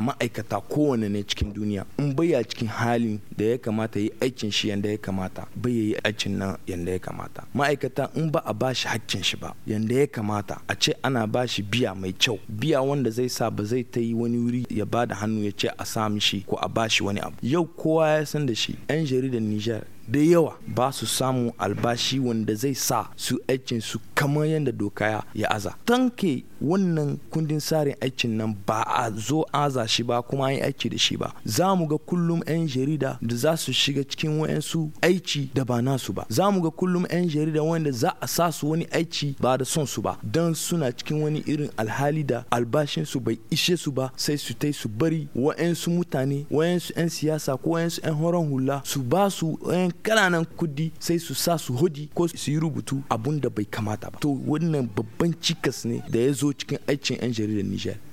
ma'aikata kowane ne cikin duniya in ya cikin halin da ya kamata yi aikin shi yanda ya kamata bai yi aikin nan yanda ya kamata ma'aikata in ba a bashi hakkin shi ba yanda ya kamata a ce ana bashi biya mai kyau biya wanda zai sa ba zai ta yi wani wuri ya ba da hannu ya ce a sa mishi ko a bashi wani abu yau kowa ya san da shi yan jaridar Nijar da yawa ba su samu albashi wanda zai sa su aikin su kamar yadda doka ya aza tanke wannan kundin tsarin aikin nan ba a zo aza shi ba kuma an yi aiki da shi ba za mu ga kullum 'yan jarida da za su shiga cikin wayansu aiki da ba nasu ba za mu ga kullum 'yan jarida wanda za a sa su wani aiki ba da son su ba don suna cikin wani irin alhali da albashin su bai ishe su ba sai su tai su bari wayansu mutane wayansu 'yan siyasa ko wayansu 'yan horon hula su ba su 'yan kananan kudi sai su sa su hudi ko su yi rubutu abun da bai kamata ba to wannan babban cikas ne da ya zo cikin aikin 'yan jaridar nijar